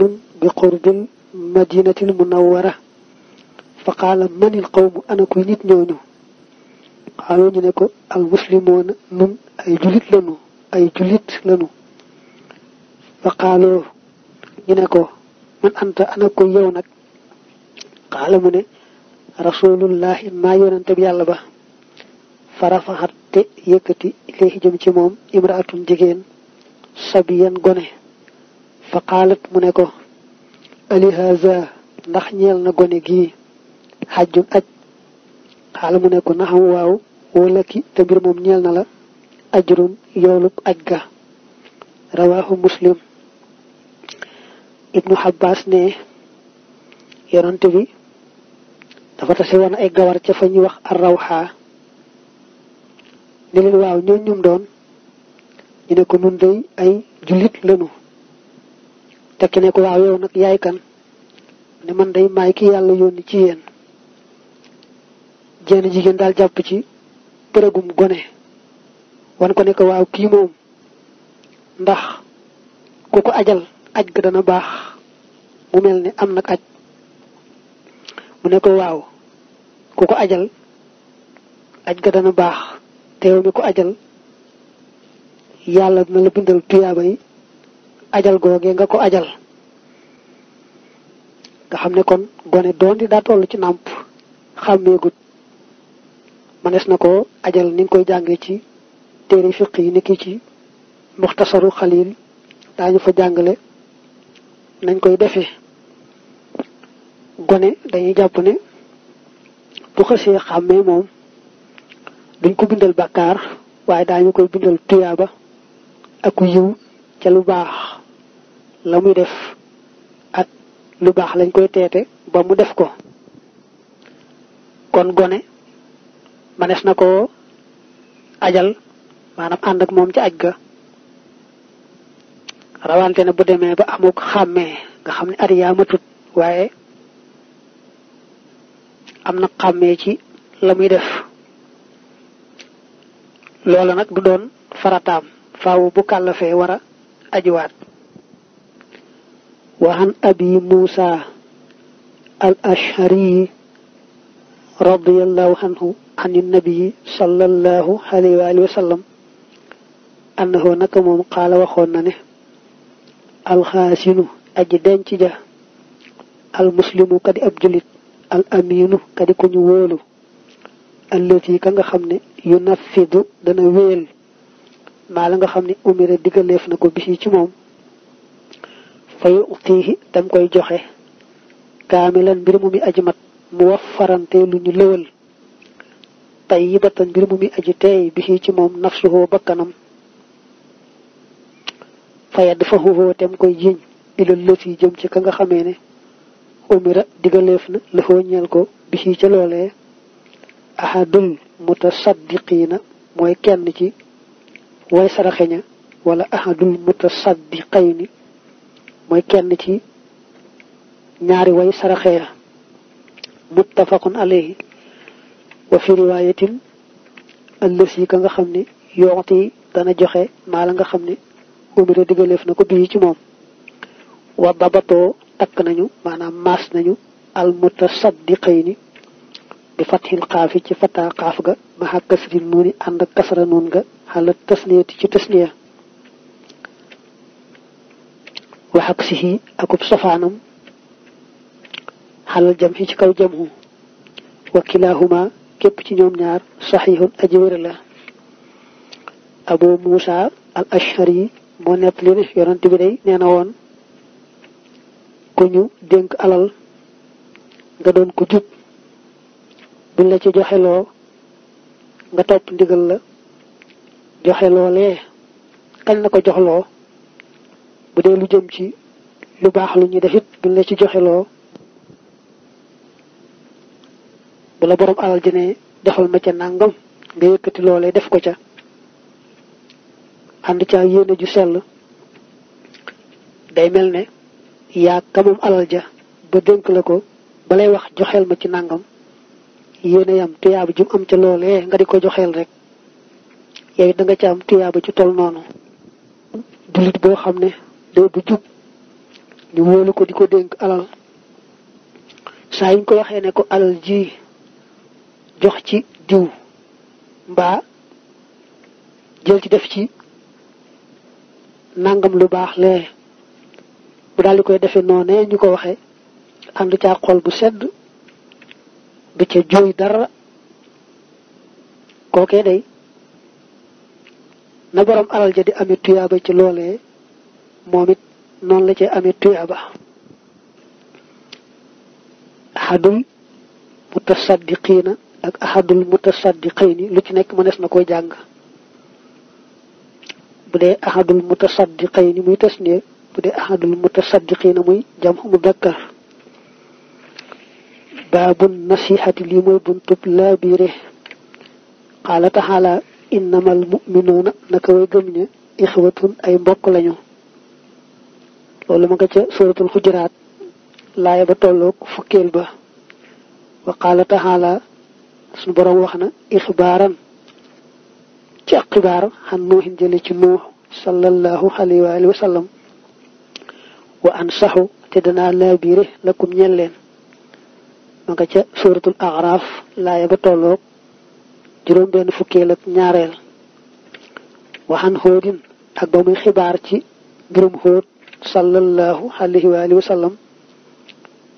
nun bi qurbil madinatil munawwara fa qaala manil qawmu ana nit ñooñu xaaloo ñu ne ko al muslimoona nun ay julit lanu ay julit ne ko man anta ana yow nag xaala mu ne rasulullahi maa yonante yàlla ba farafaxat te yëkkati ilayhi jëm ci moom imraatun jigéen sabiyan gone fa qaalat mu ne ko ali ndax ñeel na gone gi xajjun aj xaala mu ne ko naxam waaw wala ki te mbir moom ñeel na la ajrun yoolub aj ga rawaahu muslim ibnu xabbaas ne yonante bi dafa tase woon ay gawar ca fa ñuy wax ar rawxaa ne waaw ñoo ñum doon ñu ne ko nun day ay jullit lanu te ki ne ko waaw yow nag yaay kan ne man day maay ki yàlla yónni ci yéen jenn jigéen daal jàpp ci përëgum gone wan ko nekk waaw kii moom ndax ku ko ajal aj ga dana baax mu mel ni am nag aj mu ne ko waaw ku ko ajal aj ga dana baax te yow mi ko ajal yàlla dina la bindal tuyaabay ajal googee nga ko ajal nga xam ne kon gone doon di daa toll ci nàmp xàmmeegut mënees na ko ajal ni koy jàngee ci téere fiq yi nekki ci muxtasaru xalil daañu fa jàngale nañ koy defee gone dañuy jàpp ne bu xësee xàmmee moom duñ ko bindal bàkkaar waaye daañu koy bindal tuyaaba ak yiw ca lu baax la muy def lu baax lañ koy teete ba mu def ko kon gone manees na ko ajal maanaam ànd ak moom ci aj ga rawante ne bu demee ba amuk xàmmee nga xam ne at yaa matut waaye am na xàmmee ci la muy def loola nag du doon farataam faw bu kàllafee war a ajuwaat وعن أبي موسى الأشعري رضي الله عنه عن النبي صلى الله عليه وآله وسلم أنه نكم قال وخونا الخاسن أجدان تجاه almuslimu kadi ab julit al aminu kadi ku ñu wóolu allati ka nga xam ne yu nafidu dana wéel maa la nga xam ne umira digaleef na ko bisi ci moom fa yutihi dam koy joxe kaamilan mbir mu mi aji mat mu waffarante lu ñu lëwal tayyibatan mbir mu mi aji teey bi ci moom nafsuhu bakkanam dafa fahuhu tem koy jiñ ilal lëf yi jëm ci ka nga xamee ne umira digaleef na lëfoo ñeel ko bi ci ca loolee ahadul mooy kenn ci way saraxeña wala ahadul mutasaddiqayni mooy kenn ci ñaari way saraxee ya muttafaqun alayhi wa fi riwayatin ëllës yi ka nga xam ne yoxti dana joxe maa la nga xam ni umira digaleef na ko bii ci moom wa dabatoo takk nañu maanaam maas nañu al mutasaddiqayni bi fathil xaafi ci fataa xaaf ga maha kasri nuuni ànd ak kasra nuun ga xala tasniyati ci tasniya waxak sihi akub sofaanam xalal jam ci kaw jam jamhu wa kilahuma képp ci ñoom ñaar saxiixun aji wér la abu musa al ashari moo nettali ne yonent nee na woon ku ñu dénk alal nga doon ko jub buñ la ci joxeloo nga topp ndigal la joxe loolee kañ la ko joxloo bu dee lu jëm ci lu baax lu ñuy def it buñ la ci joxeloo bu la borom alal jëne defal ma ca nàngam nga yëkkati loole def ko ca ànd ca yéene ju sell day mel ne yaa kamam alal ja ba dénk la ko ba lay wax joxeel ma ci nàngam yéene yam tuyaaba ju am ca loolee nga di ko joxeel rek yooyu danga nga ca am tuyaaba ju tol noonu jullit boo xam ne doo du jub ñu wóolu ko di ko dénk alal saa yuñ ko waxee ne ko alal ji jox ci diw mbaa jël ci def ci nangam lu baax lee bu daldi koy defee noonee ñu ko waxee ànd caa xool bu sedd bu ca jooy dara kookee day na borom alal ja di amee tuyaaba ci loolee moom it noonu la ci amee tuyaaba ahadul mutasaddiqiina ak ahadul mutasaddiqayni lu ci nekk mënees na koy jàng bu dee ahadul mutasaddiqayni muy tasniya bu dee ahadul mutasaddiqiina muy jamxu mudakkar baabun nasihati lii mooy buntub laa biire qaala taxaala innamal muminuuna naka way gëm ña ixwatun ay mbokk lañu loolu ma nga ca suratul xujuraat laaya ba tolloog fukkeel ba wa qaala taxaala suñu boroom wax na ixbaaran ci ak xibaar xan nuuxin jële ci nuux sallallahu alayhi wa alihi wa sallam te danaa laa biire lakum ñel leen ma nga ca suratul axraaf laaya ba tolloog juróom benn fukkeel ak ñaareel waxan xóodin ak ba muy xibaar ci mbirum xóot sallallahu alayhi wa alihi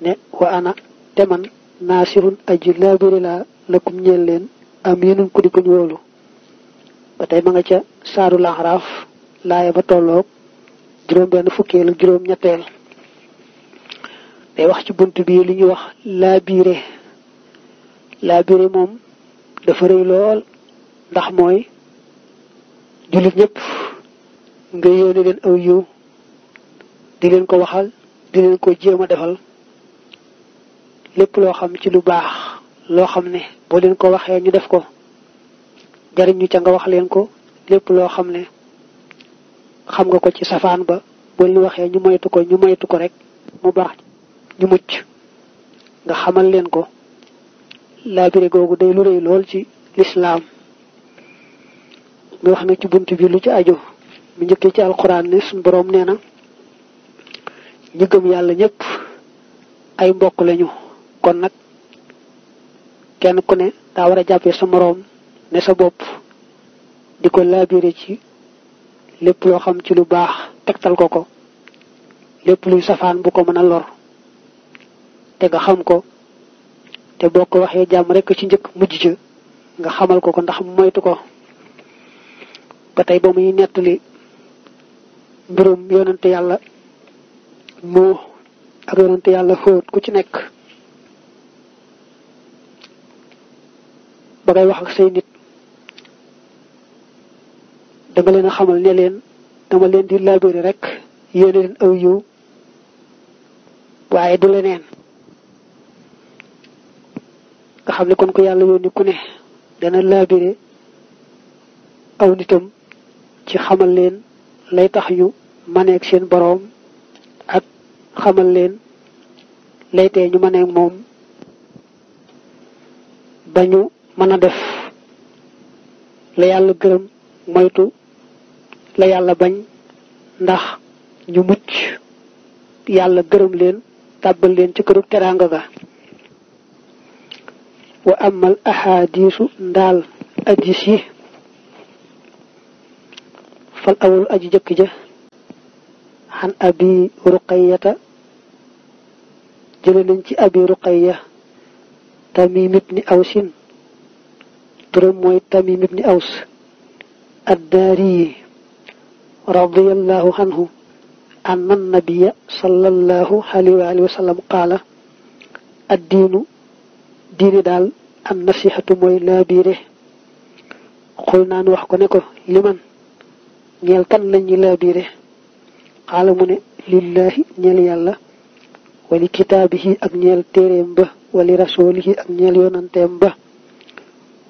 ne wa ana te man naasirun aji laabiri laa lakum ñeel leen am yenun ku di kuñ wóolu ba tey ma nga ca saaru laxraaf laaya ba tolloog juróom benn fukkeel ak juróom ñetteel day wax ci bunt bi li ñuy wax laabire laabire moom dafa rëy lool ndax mooy jullit ñëpp nga yéene leen aw yiw di leen ko waxal di leen ko jéem a defal lépp loo xam ci lu baax loo xam ne boo leen ko waxee ñu def ko jariñ ñu ca nga wax leen ko lépp loo xam ne xam nga ko ci safaan ba boo leen waxee ñu moytu ko ñu moytu ko rek mu baax ñu mucc nga xamal leen ko laabire googu day lu rëy lool ci lislaam nga wax nga ci bunt bi lu ci aju mu njëkkee ci alxuraan ne suñ boroom nee na ñi yàlla ñëpp ay mbokk lañu kon nag kenn ku ne daa war a jàppee sa moroom ne sa bopp di ko laabire ci lépp loo xam ci lu baax tegtal ko ko lépp luy safaan bu ko mën a lor te nga xam ko te boo ko waxee jàmm rekk ci njëkk mujj ca nga xamal ko ko ndax moytu ko ba tey ba muy nettali mbirum yonante yàlla Nuux ak yonante yàlla Hóot ku ci nekk ba kay wax ak say nit danga leen a xamal ne leen dama leen di laabiri rek yéene leen aw yiw waaye du leneen nga xam ne kon ko yàlla yónni ku ne dana laabire aw nitam ci xamal leen lay tax yu ñu nekk seen boroom xamal leen laytee ñu mën a moom ba ñu mën a def la yàlla gërëm moytu la yàlla bañ ndax ñu mucc yàlla gërëm leen tàbbal leen ci këru teraanga ga wa amal ahadisu ndaal addis yi fal awul aji jëkk ja xan abi ruqayata jële nañ ci abi ruqayya tamim ibni awsin turam mooy tamim ibni aws addaari radiyallahu anhu anna nabiya sallallahu alayhi wa sallam qaala addiinu diine daal an nasihatu mooy laabiire xul naan wax ko ne ko liman ñeel kan lañuy laabiire xaala mu ne lillaahi ñeel yàlla wali kitaabihi ak ñeel téeréem ba wali rasulihi ak ñeel yonanteem ba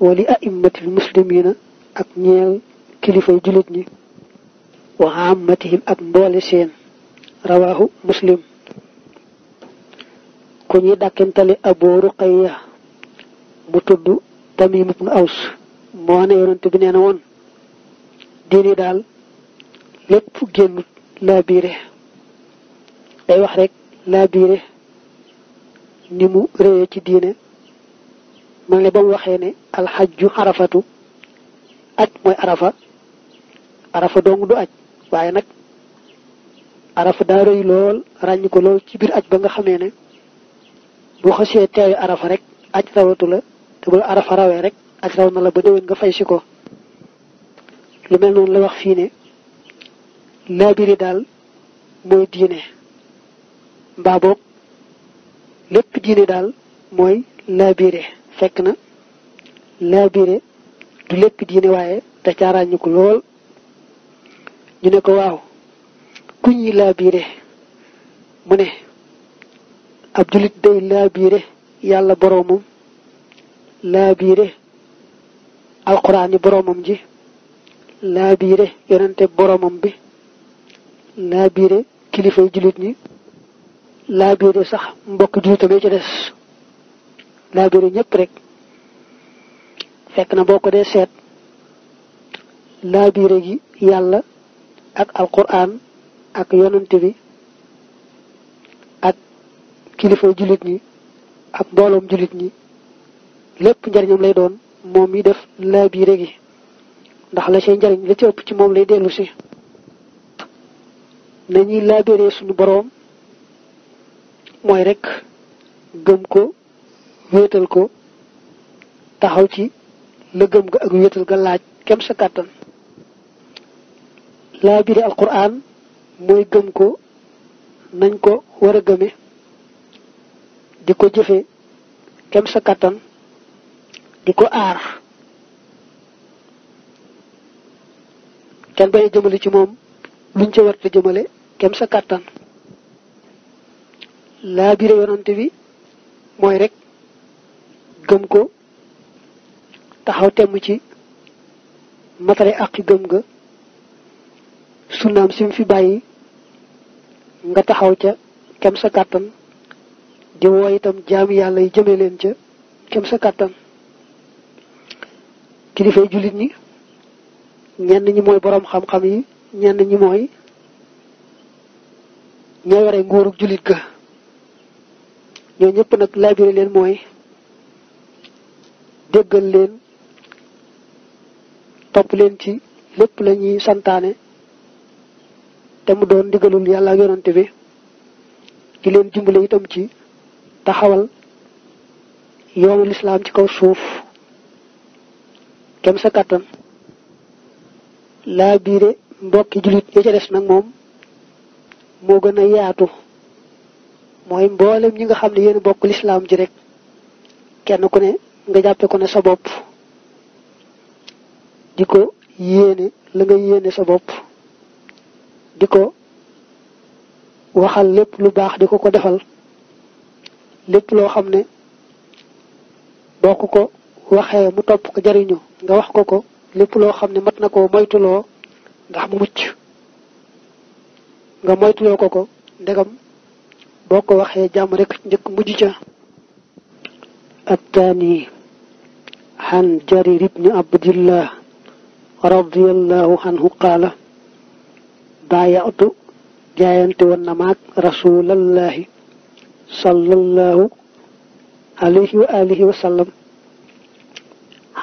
wali aimmatil muslimina ak ñeel kilifay jullit ñi wa ammatihim ak mboole seen rawaahu muslim ku ñuy dàkkantale aboo ruqayya mu tudd tamim ibnu aws moo ne yonante bi nee woon diini daal lépp génnut laa biire wax rek laabiire ni mu réyee ci diine man ne ba mu waxee ne alxajju arafatu aj mooy arafa arafa dong du aj waaye nag arafa daa rëy lool ràññ ko lool ci biir aj ba nga xamee ne bu xasee teewi arafa rek aj rawatu la te bu la arafa rawee rek aj raw na la ba déwén nga fay si ko lu mel noonu la wax fii ne laabiri daal mooy diine mbaa boog lépp diine daal mooy laabire fekk na laabire du lépp diine waaye te caaraañu ko lool ñu ne ko waaw ku ñuy laabire mu ne ab jullit day laabire yàlla boroomam laabire alxuraan yi boroomam ji laabire yonente boroomam bi laabire kilifa jullit ñi laa biire sax mbokk juutamee ci des laa biire ñëpp rek fekk na boo ko dee seet laa biire gi yàlla ak alquran ak yonante bi ak kilifa jullit yi ak mbooloom jullit yi lépp njariñam lay doon moom yi def laa gi ndax la say njariñ la ci ci moom lay dellu si nañuy laa suñu boroom mooy rek gëm ko wéetal ko taxaw ci la gëm ga ak wéetal ga laaj kem sa kàttan laa biri alquran mooy gëm ko nañ ko wara gëme di ko jëfe kem sa kàttan di ko aar kenn bañ a jëmale ci moom luñ ca war a jëmale kem sa kàttan laabire yonante bi mooy rekk gëm ko taxaw temm ci matale àqi gëm nga sunnaam si mu fi bàyyi nga taxaw ca kem sa kàttan di woo itam jaami yàlla yi jëme leen ca kem sa kàttan kilifay jullit ñi ñenn ñi mooy boroom xam-xam yi ñenn ñi mooy ña yore nguurug jullit ga ñoo ñëpp nag laabire leen mooy déggal leen topp leen ci lépp la ñuy santaane te mu doon ndigalul yàlla ak yonante bi di leen dimbale itam ci taxawal yoonu lislaam ci kaw suuf kem sa kàttan laabire mbokki jullit ya ca des nag moom moo gën a yaatu mooy mboolem ñi nga xam ne yéen bokk lislaam ji rek kenn ku ne nga jàppe ko ne sa bopp di ko yéene la nga yéene sa bopp di ko waxal lépp lu baax di ko ko defal lépp loo xam ne boo ko ko waxee mu topp ko jariñu nga wax ko ko lépp loo xam ne mat na koo moytuloo ndax mu mucc nga moytuloo ko ko ndegam boo ko waxee jàmm rek njëkk mujj ca attaani xan jarir ibni abdillah radiallahu anhu qaala baayatu jaayante woon na maag rasulallahi sallallahu alayhi wa alihi wa sallam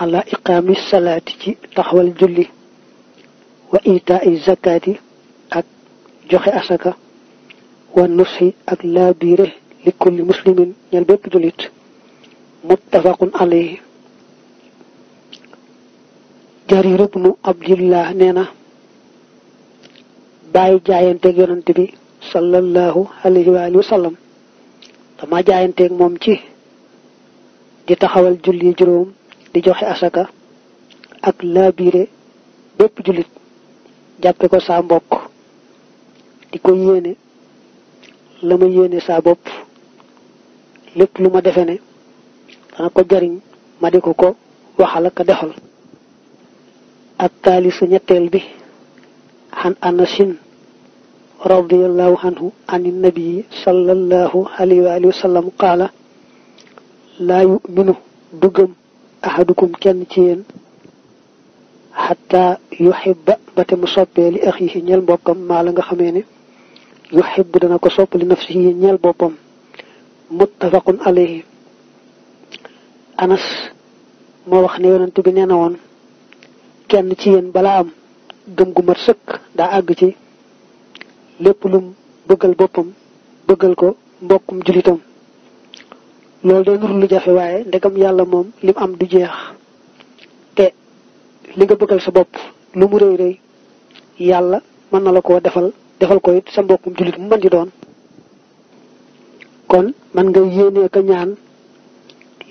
ala iqaami salaati ci taxawal julli wa itaai zakaati ak joxe asaka wa nafsi ak laa biire li kulli muslimin ñel bépp jullit muttafaqun alayhi jarir ibnu abdillah nee na bàyyi jaayanteeg yonent bi sallallahu alayhi wa alihi wa sallam dama jaayanteeg moom ci di taxawal julli juróom di joxe asaka ak laa biire bépp jullit jàppe ko saa mbokk di ko yéene la ma yéene saa bopp lépp lu ma defe ne dana ko jariñ ma di ko ko waxal ak defal ak taalisu ñetteel bi xan anasin radiallahu anhu an nabii sallallahu alayhi wa alihi wa laa yuminu du gëm kenn ci yéen xataa yuxibba ba te mu soppee li axiihi ñel mbokkam maa la nga xamee ne yuhibbu dana ko sopp li nafsihi ñeel boppam muttafaqun alayhi anas moo wax ne yonent bi nee na woon kenn ci yéen balaa am gëm gu mat sëkk daa àgg ci lépp lum bëggal boppam bëggal ko mbokkum julitam loolu day nuru lu jafe waaye ndegam yàlla moom lim am du jeex te li nga bëggal sa bopp lu mu rëy rëy yàlla mën na la koo defal defal ko it sa mbokkum jullit mu mën di doon kon man nga yéenee ko ñaan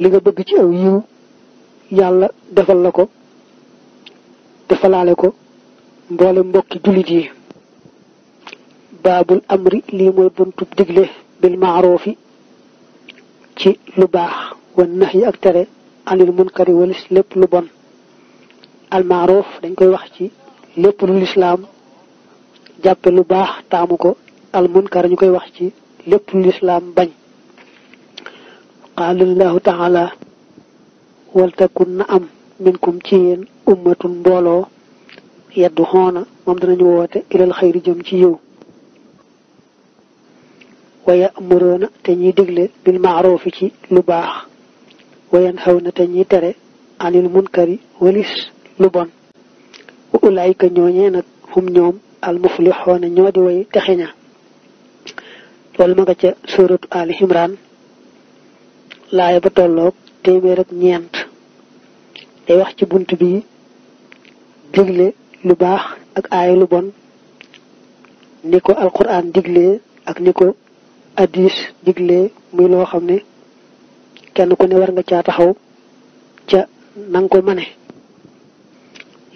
li nga bëgg ci aw yiw yàlla defal la ko defalaale ko mboole mbokki jullit yi baabul amri lii mooy buntub digle bil maaruufi ci lu baax wan nax yi ak tere anil munkari walis lépp lu bon al dañ koy wax ci lépp lu lislaam jàppe lu baax taamu ko al munkar ñu koy wax ci lépp lu lislaam bañ qaala allahu taala waltakun na am minkum ci yéen ummatun mbooloo yeddu xoona moom danañu woote ilal xayri jëm ci yiw waya amuroona te ñuy digle bil maarufi ci lu baax wayan xaw te ñuy tere anil munkari walis lu bon wa ulaayka ñooñee nag hum ñoom almuflixoona ñoo di way texe ña loolu ma nga ca suuratu ali imran laaya ba tollook téeméer ak ñeent day wax ci bunt bi digle lu baax ak aaya lu bon ni ko alquran diglee ak ni ko addis diglee muy loo xam ne kenn ku ne war nga caa taxaw ca nanga ko mane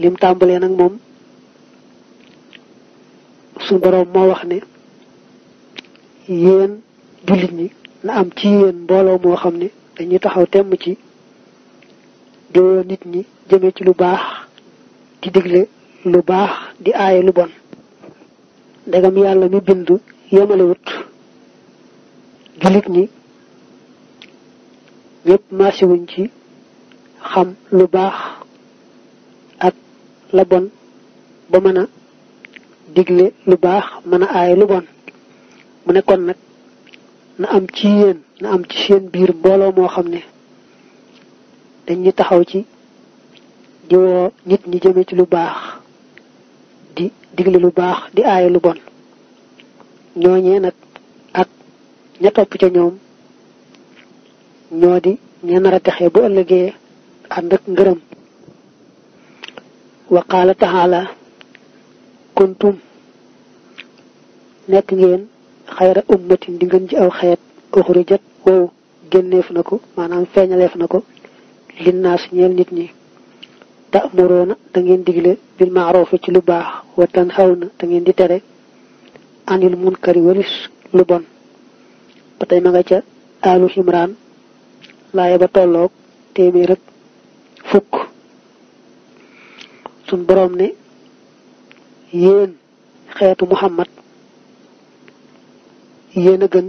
lim tàmbalee nag moom su boroom moo wax ne yéen jullit ñi na am ci yéen mbooloo moo xam ne dañuy taxaw temm ci doo nit ñi jëme ci lu baax di digle lu baax di aaye lu bon ndegam yàlla mi bindu yemalewut jullit ñi ñëpp maasiwuñ ci xam lu baax ak la bon ba mën digle lu baax mën a aaye lu bon mu nekkoon nag na am ci yéen na am ci seen biir mbooloo moo xam ne dañuy taxaw ci di nit ñi jëme ci lu baax di digle lu baax di aaye lu bon ñooñee nag ak ña topp ca ñoom ñoo di ña nar a bu ëllëgee ànd ak ngërëm wa qaala kuntum nekk ngeen xayra ummatin di ngeen ji aw xeet uxrijat wow génneef na ko maanaam feeñaleef na ko naa si ñeel nit ñi ta'muruuna da dangeen digle bil ma'ruf ci lu baax wa tanhawna da ngeen di tere anil munkari walis lu bon ba tey ma nga ca alu imran laaya ba tolloog téeméer ak fukk sun borom ne yéen xeetu muhammad yéen a gën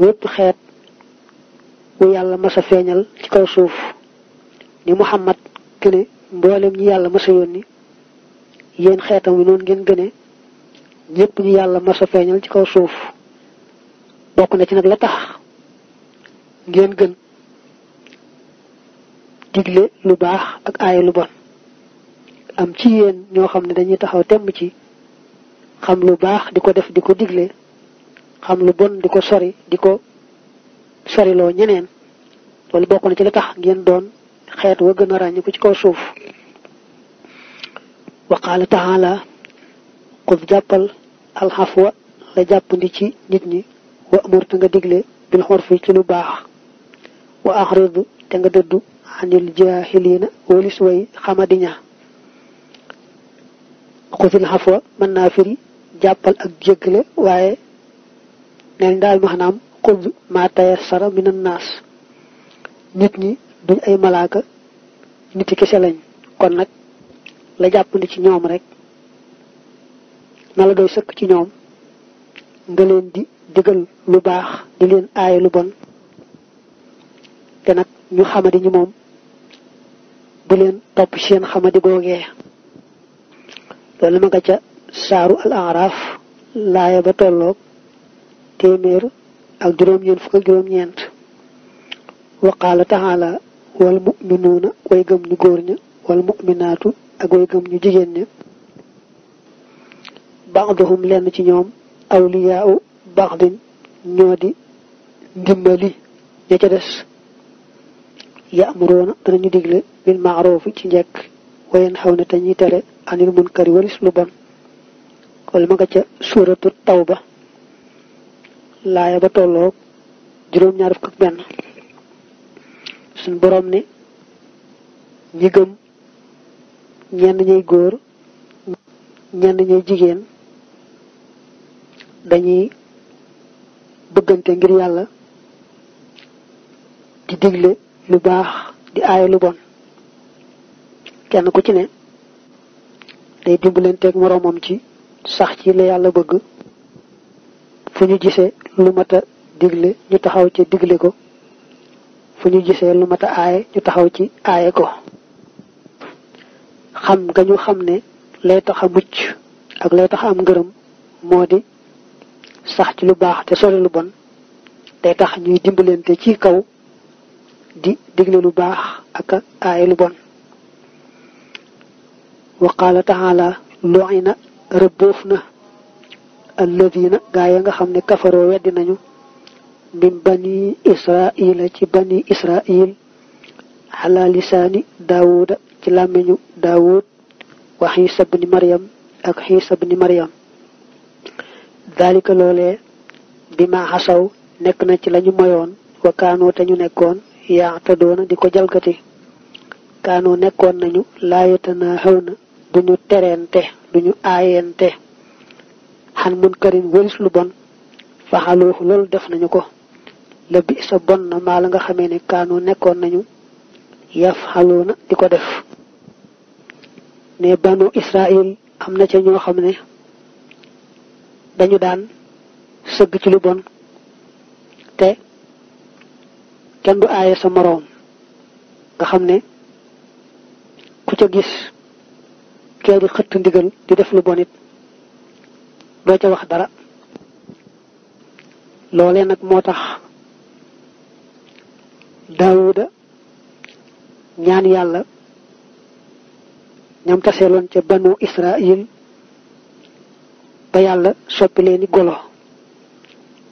wépp xeet bu yàlla mas a feeñal ci kaw suuf ni muhammad gëne mboolem ñi yàlla masa yoon yónni yéen xeetam wi noonu ngeen gëne ñépp ñi yàlla mas a feeñal ci kaw suuf bokk na ci nag la tax ngeen gën digle lu baax ak aaye lu bon am ci yéen ñoo xam ne dañuy taxaw temm ci xam lu baax di ko def di ko digle xam lu bon di ko sori di ko soriloo ñeneen loolu bokk na ci li tax ngeen doon xeet wa gën a ràññiku ci kaw suuf wa qaala taala xud jàppal alxafwa la jàppandi ci nit ñi wa amur te nga digle bil xurfi ci lu baax wa axrid te nga dëddu anil jaahiliina walis way xamadiña xusil xafwa mën naa firi jàppal ak la waaye neen daal maanaam xud maa tayassara minan naas nit ñi duñ ay malaaka nit yi kese lañ kon nag la jàppandi ci ñoom rek na la doy sëkk ci ñoom nga leen di digal lu baax di leen aaye lu bon te nag ñu xamadi ñi moom bu leen topp seen xamadi googee loolu ma nga ca saaru al araaf laaya ba tolloog téeméer ak juróom-ñeent fukk ak juróom-ñeent wa qaala taala way gëm ñu góor ña wal ak way gëm ñu jigéen ña baaduhum lenn ci ñoom awliyaau baadin ñoo di ndimbali ña ca des yaamuroona danañu digle bil maaruufi ci njekk wayen xaw na te ñuy tere anil munkari walis lu bon wala ma nga ca suuratu tawba laaya ba tolloog juróom-ñaar fukk ak benn suñ boroom ne ñi gëm ñenn ñuy góor ñenn ñuy jigéen dañuy bëggante ngir yàlla di digle lu baax di aaye lu bon kenn ku ci ne tey dimbalanteeg moroomam ci sax ci la yàlla bëgg fu ñu gisee lu mat a digle ñu taxaw ci digle ko fu ñu gisee lu mat a aaye ñu taxaw ci aaye ko xam nga ñu xam ne lay tax mucc ak lay tax a am ngërëm moo di sax ci lu baax te sole lu bon day tax ñuy dimbalante ci kaw di digle lu baax ak aaye lu bon wa qaala taala lu'ina rëbboof na gaa ya nga xam ne kafaroo weddi nañu min bani israila ci bani israil ala lisaani daawuda ci làmmiñu daawud wa xiisa bni mariam ak xiisa bni mariam dalika loolee bi xasaw nekk na ci lañu moyoon wa kaanoo te ñu nekkoon yaa doona di ko jalgati kaanoo nekkoon nañu laayatana xëw na duñu tereente duñu aayente xan mun karin wëris lu bon faxalooxu loolu def nañu ko la sa bon na maa la nga xamee ne kaanu nekkoon nañu yaf xaloona di ko def ne banu Israël am na ca ñoo xam ne dañu daan sëgg ci lu bon te kenn du aaye sa moroom nga xam ne ku ca gis kenn du xëtt ndigal di def lu bonit doo ca wax dara loolee nag moo tax daawuda ñaan yàlla ñam taseeloon ca banu israil ba yàlla soppi leen i golo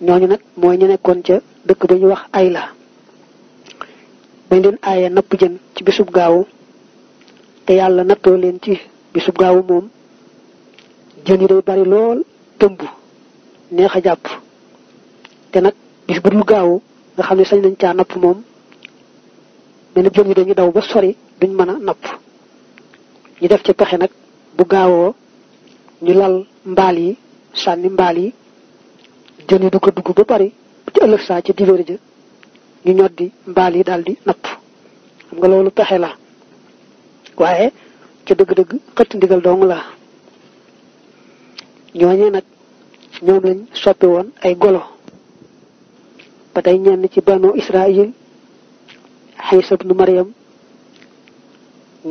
ñu nag mooy ñu nekkoon ca dëkk ba ñu wax ay la bañ leen aaye napp jën ci bisub gaawu te yàlla nattoo leen ci bisub gaawu moom jën yi day bari lool tëmb neex a jàpp te nag bis bu dul gaawu nga xam ne sañ nañ caa napp moom mel na jën yi dañuy daw ba sori duñ mën a napp ñu def ca pexe nag bu gaawoo ñu lal mbaal yi sànni mbaal yi jën yi du ko dugg ba bari ci ëllëg saa ca dibéer ja ñu ñoddi mbaal yi daal di napp xam nga loolu pexe la waaye ca dëgg-dëgg xëtt ndigal dong la ñooñee nag ñoom lañ soppi woon ay golo ba tey ñenn ci banu Israil Iisa ibnu Maryam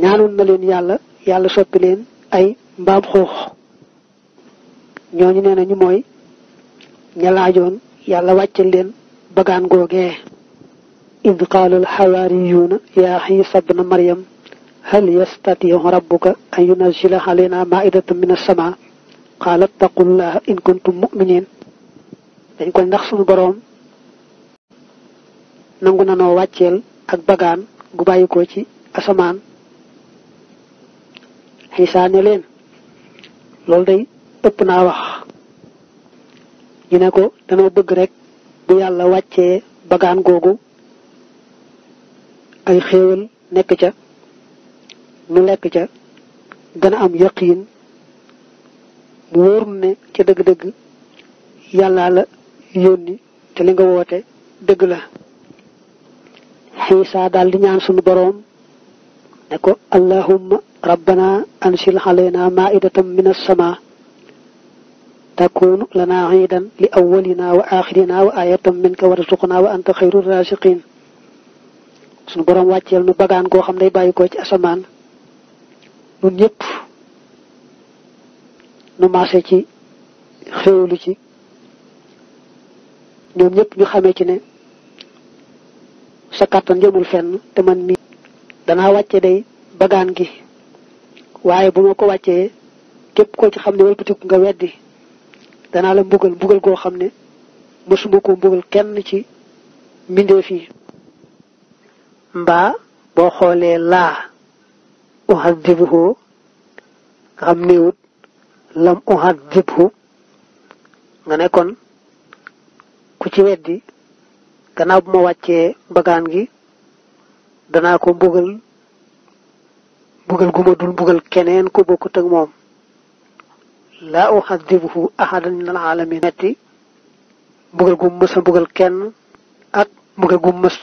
ñaanoon na leen yàlla yàlla soppi leen ay mbaam xoox ñooñu nee nañu mooy ña yàlla wàccal leen bagaan googee id qaala alxawaariyuuna yaa Iisa ibnu Maryam hal yastatiu rabbuka an yunazila aleyna maidatan min as-sama qaalat taqullaha in kuntum muminin dañ ko ndax suñu boroom nangu na noo wàcceel ak bagaan gu bàyyi ko ci asamaan xiisaa ne leen loolu day ëpp naa wax ñu ne ko danoo bëgg rek bu yàlla wàccee bagaan googu ay xéewal nekk ca nu lekk ca gën a am yaqiin mu wóor ne ca dëgg-dëgg yàllaa la yónni te li nga woote dëgg la xiisa daal di ñaan sunu boroom ne ko allahumma rabbana ansil alayna tam min as-samaa takunu lana iidan li awwalina wa axirina wa ayatan minka warzuqna wa anta xayru rasiqin sunu boroom wàcceel nu bagaan koo xam day bàyyi ko ci asamaan nun ñëpp nu maase ci xéewlu ci ñoom ñëpp ñu xamee ci ne sa kàttan jëmul fenn te man mi danaa wàcce day bagaan gi waaye bu ma ko wàccee képp ko ci xam ne walbatiku nga weddi danaa la mbugal mbugal goo xam ne mësuma koo mbugal kenn ci mbindeef yi mbaa boo xoolee laa uxadibuhu nga xam néewut lam uxadibhu nga nekkoon ku ci weddi gannaaw bu ma wàccee bagaan gi danaa ko mbugal mbugal gu ma dul mbugal keneen ku bokkut ak moom laa uxadibuhu ahadan min al alamin metti mbugal gu mës a kenn ak mbugal gu mës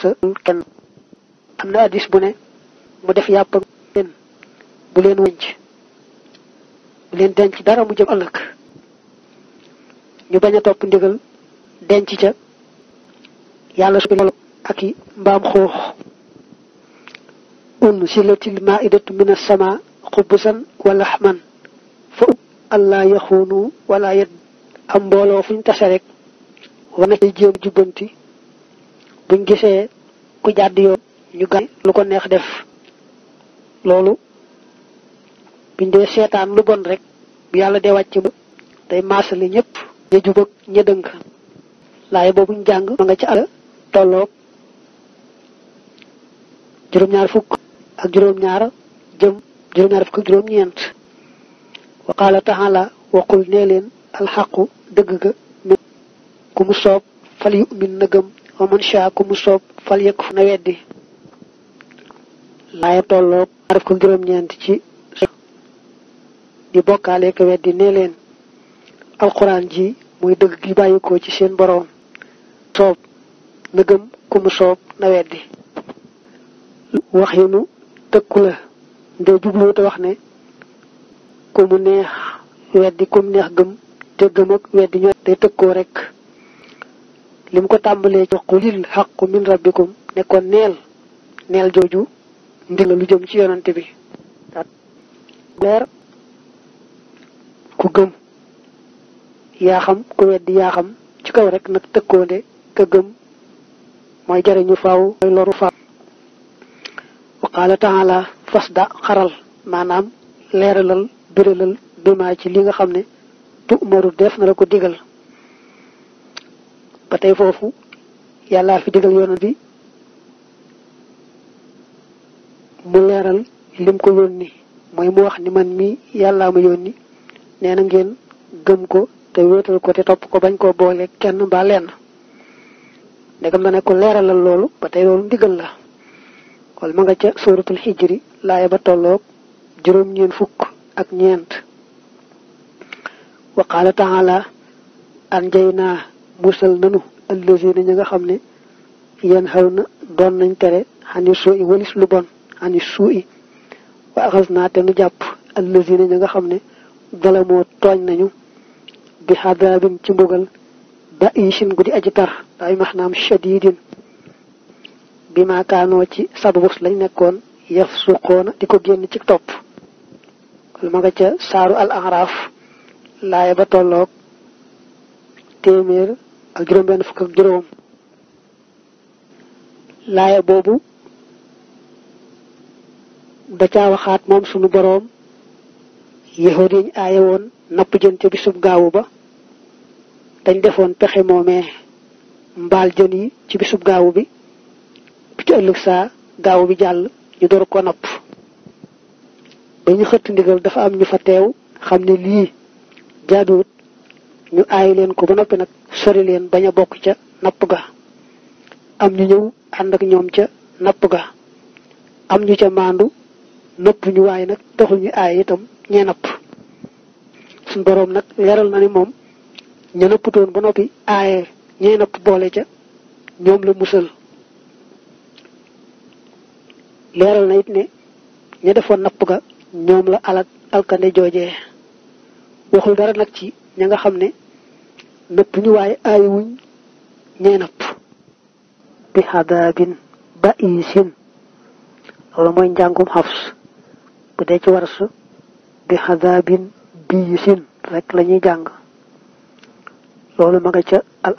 kenn am na addis bu ne mu def yàpp bu leen wënc bu leen denc dara mu jëm ëllëg ñu bañ a topp ndigal denc ca yàlla su loolu ak i mbaam xoox un silatil maidatu min asama xubbusan wa laxman fa ub allah yaxunu wala yet am mbooloo fuñ tase rek war na ci jéem jubbanti buñ gisee ku jàdd yoon ñu gàll lu ko neex def loolu biñ bindee seetaan lu bon rek bu yàlla dee wàcc ba day maasale ñëpp ña jub laay boobu ñu jàng ma nga ci àll tolloog juróom-ñaar fukk ak juróom-ñaar jëm leen alxaqu dëgg ga ku mu soob fal yu umin na gëm wa man shaa soob fal yëkk na weddi laay tolloog ci di bokkaale ko weddi ne leen alxuraan ji muy dëgg gi bàyyikoo ci seen boroom soob na gëm ku mu soob na weddi wax yi nu tëkku la ndee jubluwut wax ne ku mu neex weddi ku mu neex gëm te gëm ak weddi ñoo day tëkkoo rek li ko tàmbalee ci qulil xaqu min rabbikum ne ko neel neel jooju ndigal lu jëm ci yonante bi ku gëm yaa xam ku weddi yaa xam ci kaw rek nag tëkkoonde ka gëm mooy jariñu faaw mooy loru faaw wa qaala taala xaral maanaam leeralal biralal bimaa ci li nga xam ne tu maru def na la ko digal ba tey foofu yàllaa fi digal yoonal bi mu leeral lim ko yónni mooy mu wax ni man mi yàllaa ma yónni nee na ngeen gëm ko te wéetal ko te topp ko bañ koo boole kenn mbaa lenn ndegam na ne ko leeralal loolu ba tey loolu ndigal la wala ma nga ca sóoratul xijri laaya ba tolloog juróom-ñeent fukk ak ñeent wa qaala taala an jay naa musal nanu allazina ñi nga xam ne yéen xaw na doon nañ tere xani suu i walis lu bon xani suu i wa naa te nu jàpp allazina ñi nga xam ne zalamoo tooñ nañu bi xadaabin ci mbugal ba isin gu di aji tar day max naam shadidin bi maakaanoo ci sababus lañ nekkoon yaf suqoona di ko génn ci topp lu ma nga ca saaru al laaya ba tolloog téeméer ak juróom benn fukk ak juróom laaya boobu da caa waxaat moom sunu boroom yahud yañ aaye woon napp jën ca bisub gaaw ba dañ defoon pexe moomee mbaal jën yi ci bisub gaaw bi bu ci ëllëg saa gaaw bi jàll ñu door ko napp ba ñu xëtt ndigal dafa am ñu fa teew xam ne lii jaaduwut ñu aay leen ko ba noppi nag sori leen bañ a bokk ca napp ga am ñu ñëw ànd ak ñoom ca napp ga am ñu ca maandu nëpp ñu waaye nag taxul ñu aay itam ñee napp suñ boroom nag leeral na ni moom ña napputoon ba noppi aaye ñee napp boole ca ñoom la musal leeral na it ne ña defoon napp ga ñoom la alak alkande joojee waxul dara nag ci ña nga xam ne napp ñu waaye aaye wuñ ñee napp bi xadaabin ba isin loolu mooy njàngum xafs bu dee ci warsu bi xadaabin biisin jàng loolu ma nga ca al